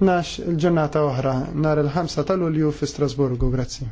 12 il-ġurnata oħra nar il-5 tal-Ulju fi Strasburgu. Grazzi.